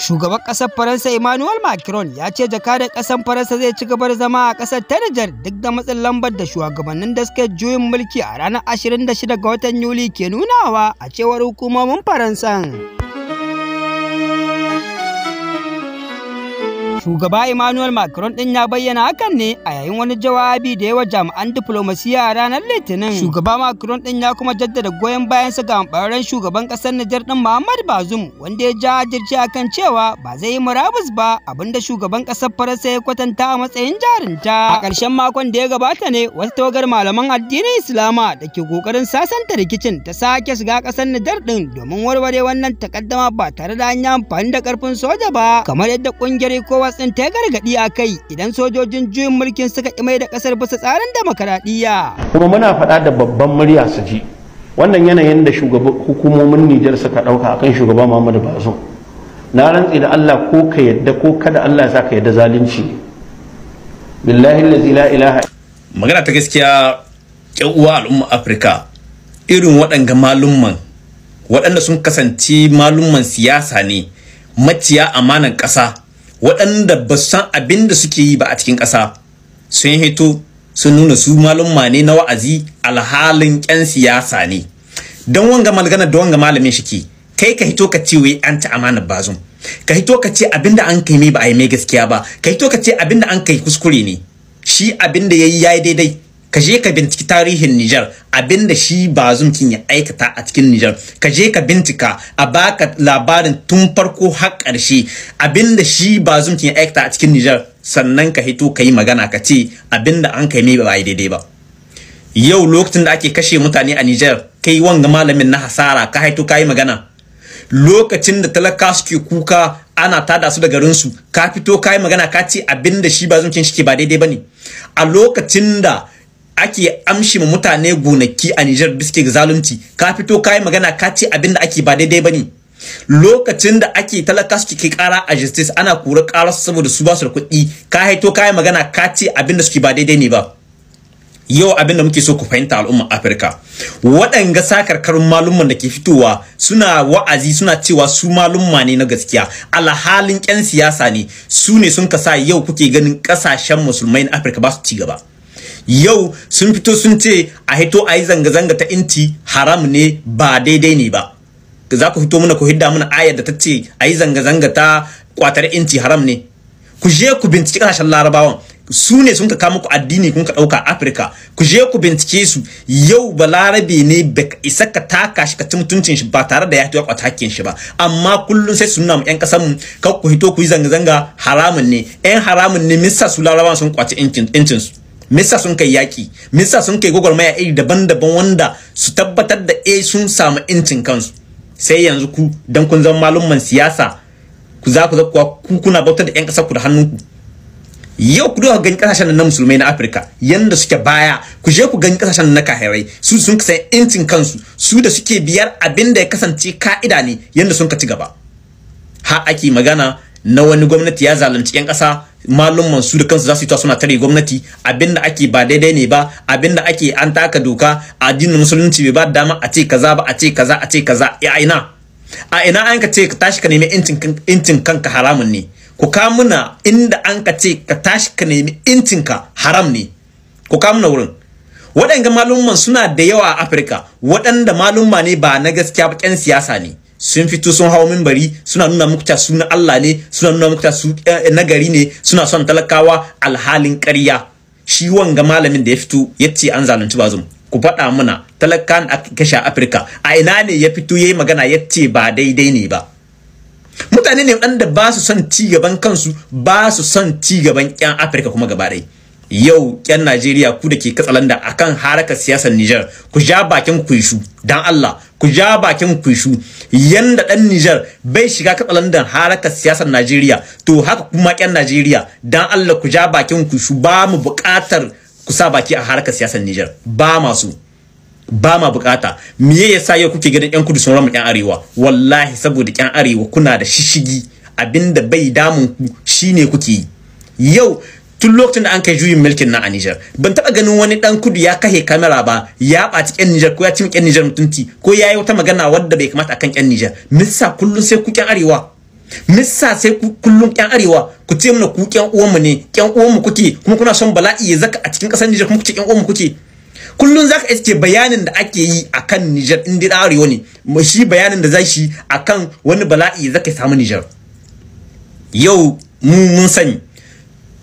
Shugaban ƙasar Faransa Emmanuel Macron ya ce jakadar ƙasar Faransa zai ci gaba da zama a ƙasar ta Nijar duk da matsin lambar da shugabannin da suka juyin mulki a ranar 26 ga watan Yuli ke nunawa a cewar hukumomin Faransan. Shugaba Emmanuel Macron din ya bayyana hakan ne a yayin wani jawabi da yawa jami'an diplomasiya a ranar Litinin. Shugaba Macron din ya kuma jaddada goyon bayan sa ga ɓararren shugaban ƙasar Nijar din Muhammad Bazoum wanda ya a kan cewa ba zai yi murabus ba abinda shugaban ƙasar Faransa ya kwatanta a matsayin jarinta. A ƙarshen makon da ya gabata ne wasu tawagar malaman addinin Islama da ke ƙoƙarin sasanta rikicin ta sake shiga ƙasar Nijar din, domin warware wannan takaddama ba tare da an amfani da ƙarfin soja ba kamar yadda ƙungiyar kowa Hamas ta gargaɗi a kai idan sojojin juyin mulkin suka ƙi mai da ƙasar bisa tsarin demokaradiyya. Kuma muna faɗa da babban murya su ji wannan yanayin da shugaban hukumomin Nijar suka ɗauka akan shugaban Muhammadu Bazoum. Na rantse da Allah ko ka yadda ko kada Allah ya sa ka yadda zalunci. Billahi la ilaha. Magana ta gaskiya ƴan uwa al'umma Afirka irin waɗanga malumman waɗanda sun kasance malumman siyasa ne maciya amanan ƙasa waɗanda ba san abin da suke yi ba a cikin ƙasa sun hito sun nuna su malumma ne na wa'azi alhalin ƙyan siyasa ne don wanga malgana da wanga malamin shi ke kai ka hito ka ce wai an ci amanar bazum ka hito ka ce abin da an kai mai ba a yi mai gaskiya ba ka hito ka ce abin da an kai kuskure ne shi abin da ya yi ya yi daidai ka je ka binciki tarihin Nijar abinda shi Bazum kin ya aikata a cikin Nijar ka je ka bincika a baka labarin tun farko har ƙarshe abinda shi Bazum kin ya aikata a cikin Nijar sannan ka hito ka yi magana ka ce abinda an kai mai ba daidai ba yau lokacin da ake kashe mutane a Nijar kai wanga malamin na hasara ka haito ka yi magana lokacin da talaka suke kuka ana tada su da garinsu ka fito ka yi magana ka ce abinda shi Bazum kin shi ke ba daidai ba ne a lokacin da ake amshi ma mutane gonaki a Nijar da suke zalunci ka fito ka yi magana ka ce abin da ake ba daidai ba ne lokacin da ake talaka suke kai kara a justice ana kura kara saboda su ba su da kuɗi ka haito ka yi magana ka ce abin da suke ba daidai ne ba yau abin da muke so ku fahimta al'umman afirka waɗanga sakarkarun malumman da ke fitowa suna wa'azi suna cewa su malumma ne na gaskiya alhalin 'yan siyasa ne su ne sun kasa yau kuke ganin ƙasashen musulmai na afirka ba su ci gaba yau sun fito sun ce a hito a yi zanga-zanga ta inci haram ne ba daidai ne ba za ku fito muna ku hidda muna ayar da ta ce a yi zanga-zanga ta kwatar inci haram ne ku je ku binciki kasashen larabawan su ne sun ka kama ku addini kun ka ɗauka afirka ku je ku bincike su yau ba balarabe ne ba isa ka taka shi ka ci mutuncin shi ba tare da ya tuwa kwata shi ba amma kullum sai suna mu yan kasan mu kar ku hito ku yi zanga-zanga haramun ne yan haramun ne misa su larabawan sun kwace incinsu misa sun kai yaƙi misa sun kai maya iri daban-daban wanda su tabbatar da eh sun samu incin kansu sai yanzu ku dan kun zama malumman siyasa ku za ku zakuwa ku kuna bautar da yan ƙasar ku da ku. yau ku duka gani da na musulmai na Afirka yanda suke baya ku je ku gani kasashen na kahirai su sun kasa incin kansu su da suke biyar abin da ya kasance ka'ida ne yanda sun ka ci gaba ha ake magana na wani gwamnati ya zalunci 'yan ƙasa malumman su da kansu za su yi suna tare gwamnati abinda ake ba daidai ne ba abinda ake an taka doka addinin musulunci bai ba dama a ce kaza ba a ce kaza a ce kaza ya ina a ina an ka ce ka tashi ka nemi incin kanka haramun ne ku kamuna inda an ka ce ka tashi ka nemi incinka haram ne ku kamuna wurin waɗanda malumman suna da yawa a afirka waɗanda malumma ne ba na gaskiya ba ƙyan siyasa ne sun fito sun hawo minbari suna nuna muku ta Allah ne suna nuna muku ta su eh, eh, nagari ne suna son talakawa alhalin ƙarya shi wanga malamin da ya fito ya ce an zalunci bazum ku faɗa mana, talakan a kashe Afirka a ina ne ya fito yayi magana ya ce ba daidai ne ba mutane ne wanda ba su son ci gaban kansu ba su son ci gaban ƴan Afirka kuma gaba ɗaya yau ƴan Najeriya ku da ke katsalanda akan harakar siyasar Niger ku ja bakin ku yi shu dan Allah ku ja bakin ku shu yanda dan Niger bai shiga katsalandan harakar siyasar Najeriya to haka kuma kyan Najeriya dan Allah ku ja bakin ku shu ba mu buƙatar ku sa baki a harakar siyasar Niger ba masu ba ma bukata me yasa yau kuke ganin yan kudu sun rama yan arewa wallahi saboda yan arewa kuna da shishigi abinda bai damun ku shine kuke yi yau tun lokacin da an kai juyin mulkin na a Niger ban taba ganin wani dan kudu ya kahe kamera ba ya ɓaci ƴan Niger ko ya ci ƴan Niger mutunci ko ya yi wata magana wadda bai kamata akan ƴan Niger missa kullun sai ku ƴan arewa missa sai kullun ƙyan arewa ku ce mana ku ƙyan uwanmu ne ƙyan uwanmu kuke kuma kuna son bala'i ya zaka a cikin ƙasar Niger kuma kuke ƴan uwanmu kuke kullun zaka iske bayanin da ake yi akan Nijar, in da arewa ne shi bayanin da zai shi akan wani bala'i ya zaka samu Niger yau mu mun sani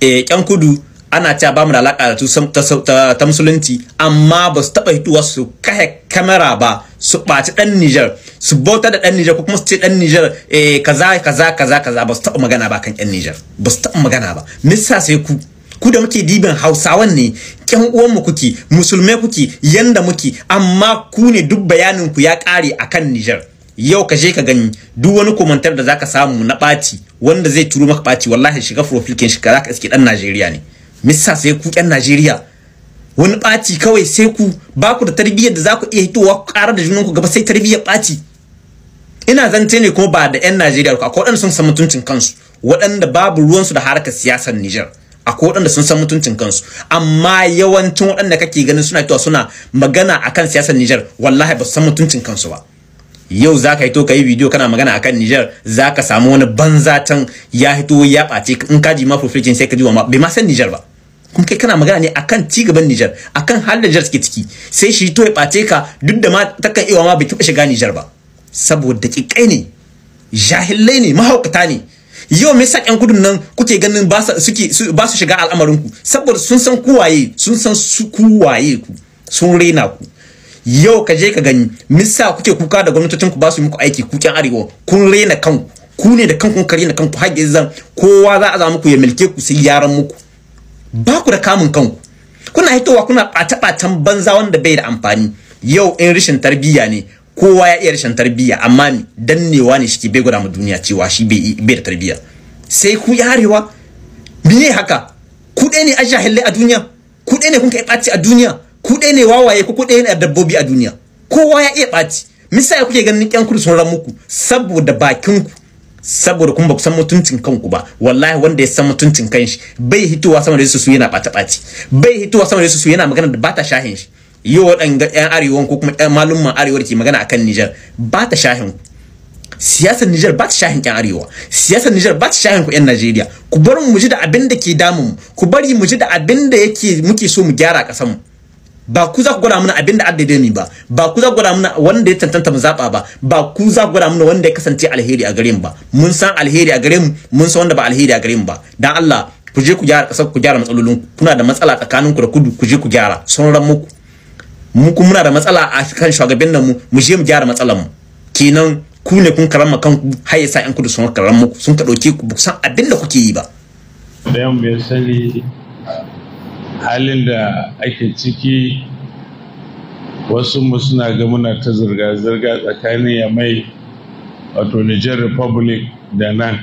Eh, yan kudu ana cewa ba mu da alaka da ta musulunci amma ba su taba hituwa su kahe kamera ba su ɓaci ɗan Nijar su bauta da ɗan Nijar ko kuma su ce ɗan Nijar eh kaza kaza kaza kaza ba su taɓa magana ba kan ƴan Nijar ba su taɓa magana ba misa sai ku ku da muke diban Hausawan ne ƴan mu kuke musulmai kuke yanda muke amma ku ne duk bayanin ku ya ƙare akan Nijar yau ka je ka gani duk wani komantar da zaka samu na ɓaci wanda zai turo maka ɓaci wallahi shiga profil kin shiga zaka iske dan Najeriya ne missa sai ku ƴan Najeriya wani ɓaci kawai sai ku ba ku da tarbiyyar da za ku iya hitowa ƙara da junanku gaba sai tarbiyyar ɓaci ina zance ne kuma ba da 'yan Najeriya ko akwai waɗanda sun san mutuncin kansu waɗanda babu ruwansu da harkar siyasar Nijar akwai waɗanda sun san mutuncin kansu amma yawancin waɗanda kake ganin suna fitowa suna magana akan siyasar Nijar wallahi ba su san mutuncin kansu ba yau za ka hito ka yi bidiyo kana magana a kan nijar za ka samu wani banzatan ya hito ya ɓace in ka ji ma sai ka ji wa bai ma san nijar ba kuma kai kana magana ne akan ci gaban Niger akan halin nijar suke ciki sai shi to ya ɓace ka duk da ma takan iya ma bai taɓa shiga nijar ba saboda ƙiƙai ne jahilai ne mahaukata ne yau me yasa ƴan gudun nan kuke ganin ba su shiga al'amarin ku saboda sun san kuwaye sun san su kuwaye ku sun rena ku yau ka je ka gani misa kuke kuka da gwamnatocin ku ba su muku aiki ku arewa kun rena kanku ku ne da kanku kare na kanku har zan kowa za a za muku ya milke ku sai yaran muku ba ku da kamun kanku kuna hitowa kuna bata batan banza wanda bai da amfani yau in rashin tarbiyya ne kowa ya iya rashin tarbiyya amma ni dannewa ne shike bai gwada mu duniya cewa shi bai bai da tarbiyya sai ku yarewa me haka ku ne a jahilai a duniya ku ne kun kai ɓaci a duniya kuɗe ne wawaye ko kuɗe ne a dabbobi a duniya kowa ya iya ɓaci misali kuke ganin ƴan kudu sun muku saboda bakinku saboda kuma ba ku san mutuncin kanku ba wallahi wanda ya san mutuncin kanshi bai hitowa sama da su yana ɓata ɓaci bai hitowa sama da su yana magana da bata shahin shi yi waɗanda ƴan arewan ko kuma ƴan malumman arewar ke magana akan Nijar bata shahin ku siyasar Nijar ba ta shahin ƴan arewa siyasar Nijar ba ta shahin ku ƴan Najeriya ku bar mu ji da abin da ke damun ku bari mu ji da abin da yake muke so mu gyara ƙasar mu ba ku za ku gwada mana abin da addade mi ba ba ku za ku gwada mana wanda ya tantanta mu zaba ba ba ku za ku gwada mana wanda ya kasance alheri a gare mu ba mun san alheri a gare mu mun san wanda ba alheri a gare mu ba dan Allah ku je ku gyara kasar ku gyara matsalolin kuna da matsala tsakanin ku da kudu ku je ku gyara sun ran muku mu kuma muna da matsala a kan shugaban nan mu mu je mu gyara matsalar mu kenan ku ne kun karama kanku har yasa yan kudu sun karamma muku sun ka dauke ku san abin da kuke yi ba dan sani halin da ake ciki wasu mu suna ga muna ta zirga-zirga tsakanin ya mai wato Niger Republic da nan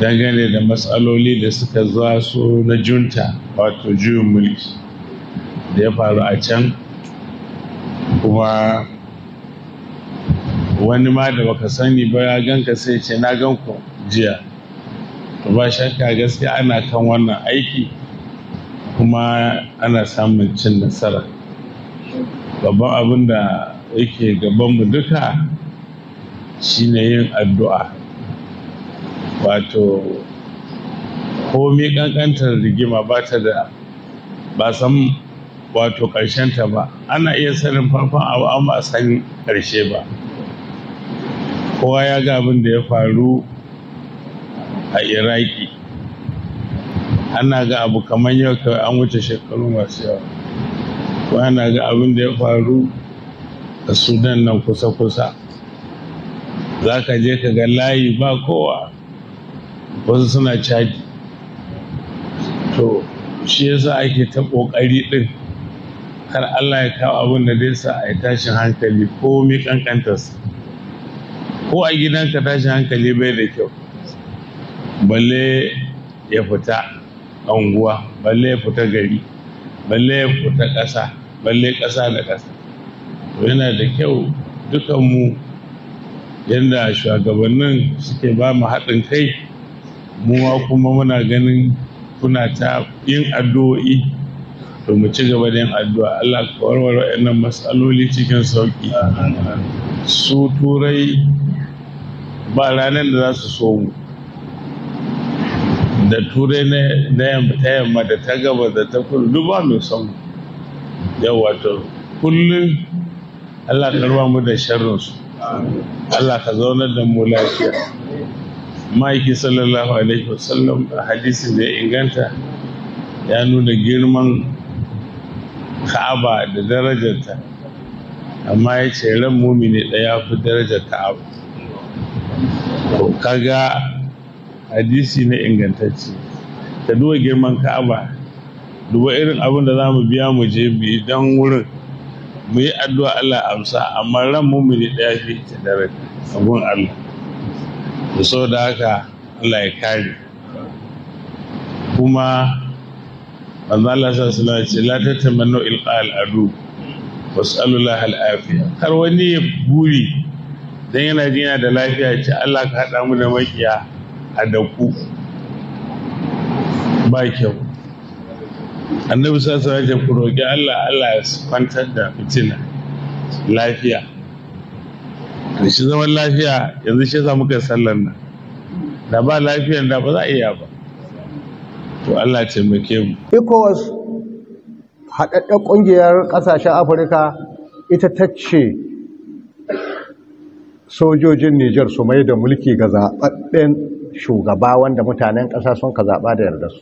dangane da matsaloli da suka su na junta wato juyin mulki da ya faru a can kuma wani ma da baka sani ba ya ganka sai ce na gan ku jiya to ba shakka gaskiya ana kan wannan aiki kuma ana samun cin nasara babban abin da yake mu duka shine yin addu'a wato komi ƙanƙantar rigima ba ta da ba san wato ta ba ana iya sanin farkon abu an ba san ƙarshe ba kowa ya ga abin da ya faru a iraki ana ga abu kamar yau kawai an wuce shekaru masu yawa ko ana ga abin da ya faru a sudan nan kusa-kusa za ka je ka ga layi ba kowa wasu suna caji to shi yasa ake ta kokari ɗin kar allah ya kawo abin da zai sa a yi tashin hankali ko mi kankantarsa ko a gidanka tashin hankali bai da kyau balle ya fita anguwa balle ya fita gari balle fita ƙasa balle ƙasa da ƙasa to yana da kyau dukanmu yadda shugabannin suke ba mu haɗin kai mu ma kuma muna ganin kuna ta yin addu'o'i to mu ci gaba da yin addu'a Allah ka warware waɗannan matsaloli cikin sauƙi su turai ba ranar da za su so mu da turai na yamma da ta gaba da ta kudu duba mai son yawa to kullum Allah ka ruwa mu da sharrinsu Allah ka zaunar da mu lafiya ma'aiki sallallahu alaihi wasallam a hadisin da ya inganta ya nuna girman ka'aba da darajarta amma ya ce ran mumini ɗaya fi darajar ka'aba kaga hadisi na ingantacce ka duba girman ka'aba duba irin abin da za mu biya mu je bi don wurin mu yi addu'a Allah amsa amma ran mumini ɗaya fi ta dare abun Allah da so da haka Allah ya kare kuma manzo Allah sa ce la tatamannu ilqal al-adu was'alullah al-afiya kar wani buri dan yana jina da lafiya ce Allah ka haɗa mu da makiya a ba kyau annabi sassa ya ku roƙi allah allah ya kwantar da fitina lafiya da shi zaman lafiya yanzu shi yasa muka sallar nan da ba lafiyan da ba za a iya ba to allah taimake mu ecowas haɗaɗɗen ƙungiyar ƙasashen afirka ita ta ce sojojin nijar su mai da mulki ga zaɓaɓɓen shugaba wanda mutanen ƙasa sun ka zaɓa da yarda su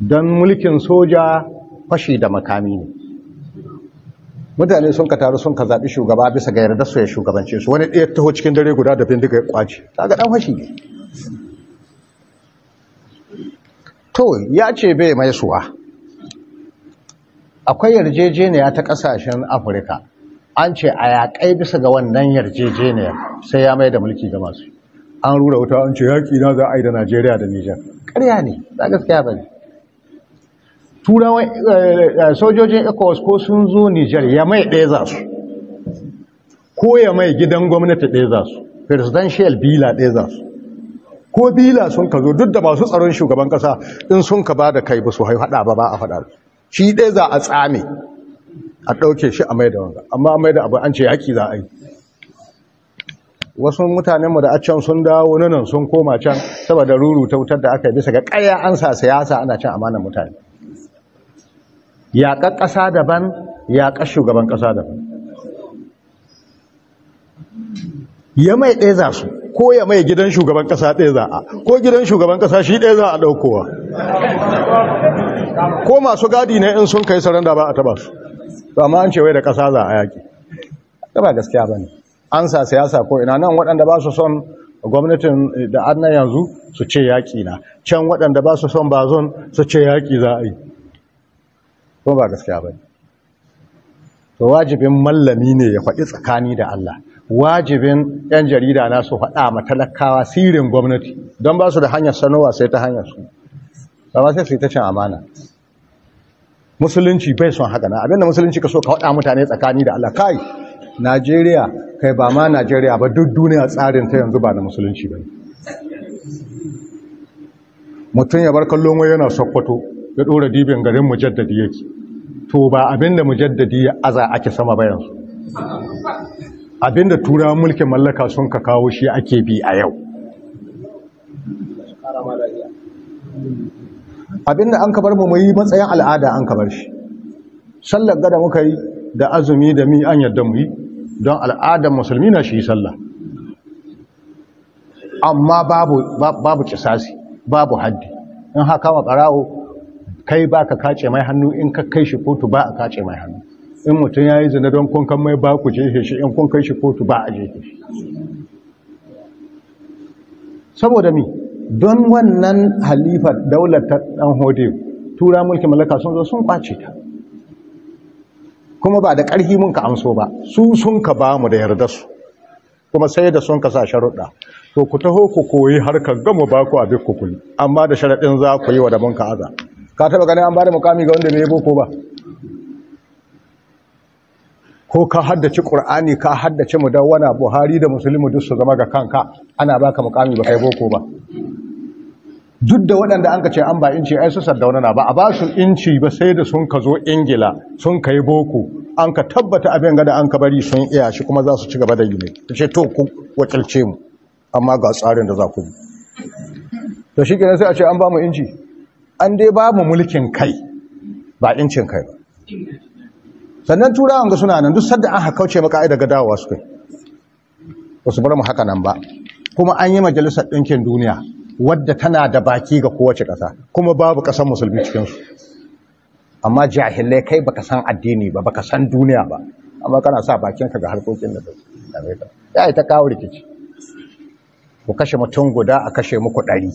don mulkin soja fashi da makami ne mutane sun ka taru sun ka zaɓi shugaba bisa ga yarda su ya shugabance su wani ɗaya taho cikin dare guda da bindiga ya kwace ga ɗan fashi ne to ya ce bai mai suwa akwai yarjejeniya ta ƙasashen afirka an ce a yaƙai bisa ga wannan yarjejeniyar sai ya mai da mulki ga masu an rura wuta an ce yaƙi na za a yi da najeriya da nijar ƙarya ne za gaskiya ba ne turawan eh, eh, sojojin ecowas ko sun zo nijar ya mai ɗaya za su ko ya mai gidan gwamnati ɗaya za su presidential bila ɗaya za su ko bila sun ka zo duk da masu tsaron shugaban kasa in sun ka ba da kai ba su haɗa ba ba a faɗa shi ɗaya za a tsame a ɗauke shi a mai da wanga amma a mai an ce yaƙi za a yi wasu mutanenmu da a can sun dawo nan sun koma can saboda ruru ta wutar da aka yi bisa ga ƙarya an sa siyasa ana can amana mutane Yaƙa ƙasa daban yaƙa shugaban ƙasa daban ya mai ɗaya za su ko ya mai gidan shugaban ƙasa ɗaya za a ko gidan shugaban ƙasa shi ɗaya za a ɗaukowa ko masu gadi ne in sun kai saranda ba a taɓa su amma an ce wai da ƙasa za a yaƙi ba gaskiya ba ne an sa siyasa ko ina nan waɗanda ba su son gwamnatin da an yanzu su ce yaƙi na can waɗanda ba su son bazon su ce yaƙi za a yi kuma ba gaskiya ba to wajibin mallami ne ya faɗi tsakani da Allah wajibin 'yan jarida na su faɗa ma talakawa sirrin gwamnati don ba su da hanyar sanowa sai ta hanyar su ba sai su yi ta cin amana musulunci bai son haka na abinda musulunci ka so ka faɗa mutane tsakani da Allah kai najeriya kai ba ma najeriya ba duk duniya tsarin ta yanzu ba da musulunci ba mutum ya bar kallon wai yana sokoto ya ɗora dibin garin mujaddadi yake to ba abinda mujaddadi ya aza ake sama ba yanzu abinda turawan mulkin mallaka sun ka kawo shi ake bi a yau abinda an ka mu yi matsayin al'ada an kabar shi sallar gada muka yi da azumi da mi an yadda mu yi don al'adar musulmi na shi sallah amma babu kisasi babu haddi in haka wa ƙarawo kai ba ka kace mai hannu in ka kai shi kotu ba a kace mai hannu in mutum ya yi zina don kun mai ba ku jefe shi in kun kai shi kotu ba a jefe shi saboda mi don wannan halifar daular ta dan hode tura mulki mallaka sun zo sun kwace ta kuma ba da ƙarfi mun ka amso ba su sun ka ba mu da yarda su kuma sai da sun ka sa sharuɗa to ku taho ku koyi harkar gama ba ku abin ku kuli amma da sharaɗin za ku yi wa da mun ka aza ka taɓa ganin an ba da mukami ga wanda bai boko ba ko ka haddace ƙur'ani ka haddace mudawwana buhari da musulmi duk su zama ga kanka ana baka mukami ba kai boko ba duk da waɗanda an ka ce an ba inci ai su wani na ba a ba su inci ba sai da sun ka zo ingila sun ka yi boko an ka tabbata abin gada an ka bari sun iya shi kuma za su ci gaba da yi ne ta ce to ku wakilce mu amma ga tsarin da za ku bi to shi kenan sai a ce an ba mu inci an dai ba mu mulkin kai ba incin kai ba sannan turawan ga suna nan duk sadda an kauce maka ai daga dawowa su kai ba su bar mu haka nan ba kuma an yi majalisar ɗinkin duniya wadda tana da baki ga kowace ƙasa kuma babu ƙasar musulmi cikinsu amma jahilai kai ba ka san addini ba ba ka san duniya ba amma kana sa bakinka ga harkokin da amerika ya yi ta kawo rikici ku kashe mutum guda a kashe muku ɗari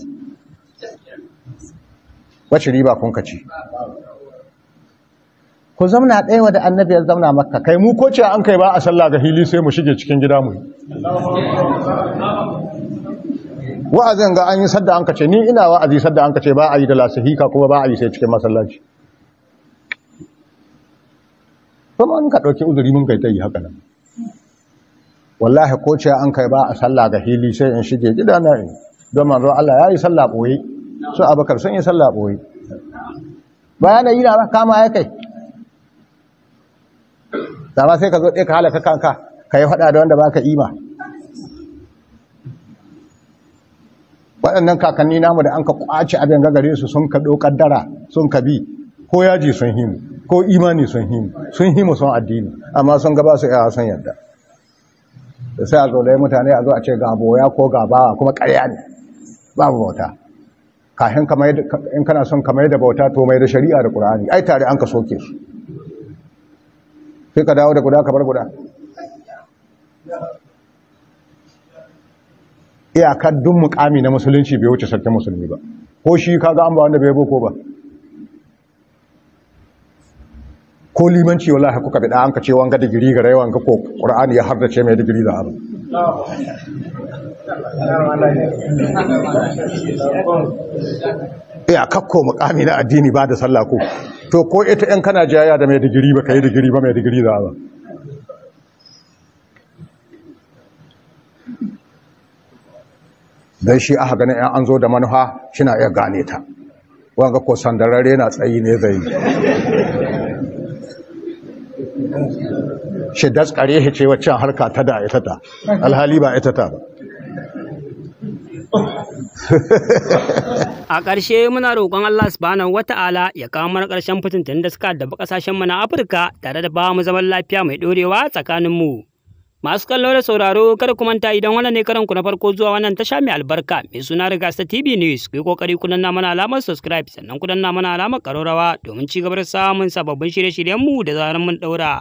wacce riba kun kaci ku zamna ɗaya da annabi ya zamna makka kai mu ko ce an kai ba a sallah ga hili sai mu shige cikin gida mu wa'azin ga an yi sadda an kace ni ina wa'azi sadda an kace ba a yi da lasihika kuma ba a yi sai cikin masallaci kuma an ka ɗauki uzuri mun kai ta yi haka nan wallahi ko ce an kai ba a sallah ga hili sai in shige gida na in don manzo Allah ya yi sallah ɓoye su abakar sun yi sallah ɓoye bayan da yi na kama ya kai dama sai ka zo ɗaya ka halaka kanka ka yi faɗa da wanda ba ka ima waɗannan kakanni namu da an ka kwace abin gagare su sun ka ɗaukar dara sun ka bi ko yaji sun himu ko imani sun himu sun himu sun addini amma sun gaba su yawa sun yadda da sai a zaune mutane a zo a ce ga boya ko ga bawa kuma ƙarya ne babu bauta kafin in kana son ka mai da bauta to mai da shari'a da ƙur'ani ai tare an ka soke su sai ka dawo da guda bar guda iyakar duk mukami na musulunci bai wuce sarkin musulmi ba ko shi kaga an ba wanda bai boko ba ko limanci wallahi kuka bi da an ka ce wanga digiri ga rayuwan ka ko qur'ani ya ce mai digiri da abu ya kakko mukami na addini ba da sallah ko to ko ita in kana jayya da mai digiri ba kai digiri ba mai digiri da abu don shi aka ganin an zo da shi shina iya gane ta wanga ko sandarare na tsayi ne zai shi daskare ya ce waccan harka ta da ita ta alhali ba ita ta ba a ƙarshe muna roƙon Allah subhanahu wata'ala ya kawo mana ƙarshen fitintun da suka da kasashen mu na Afirka tare da ba mu zaman lafiya mai ɗorewa tsakanin mu Masu kallo da sauraro kada ku manta idan wannan ne karanku na farko zuwa wannan tasha mai albarka mai suna ta TV News ku yi kokari ku danna mana alamar subscribe sannan ku danna mana alamar karorawa domin ci gaba da samun sababbin shirye shiryen mu da zaran mun daura.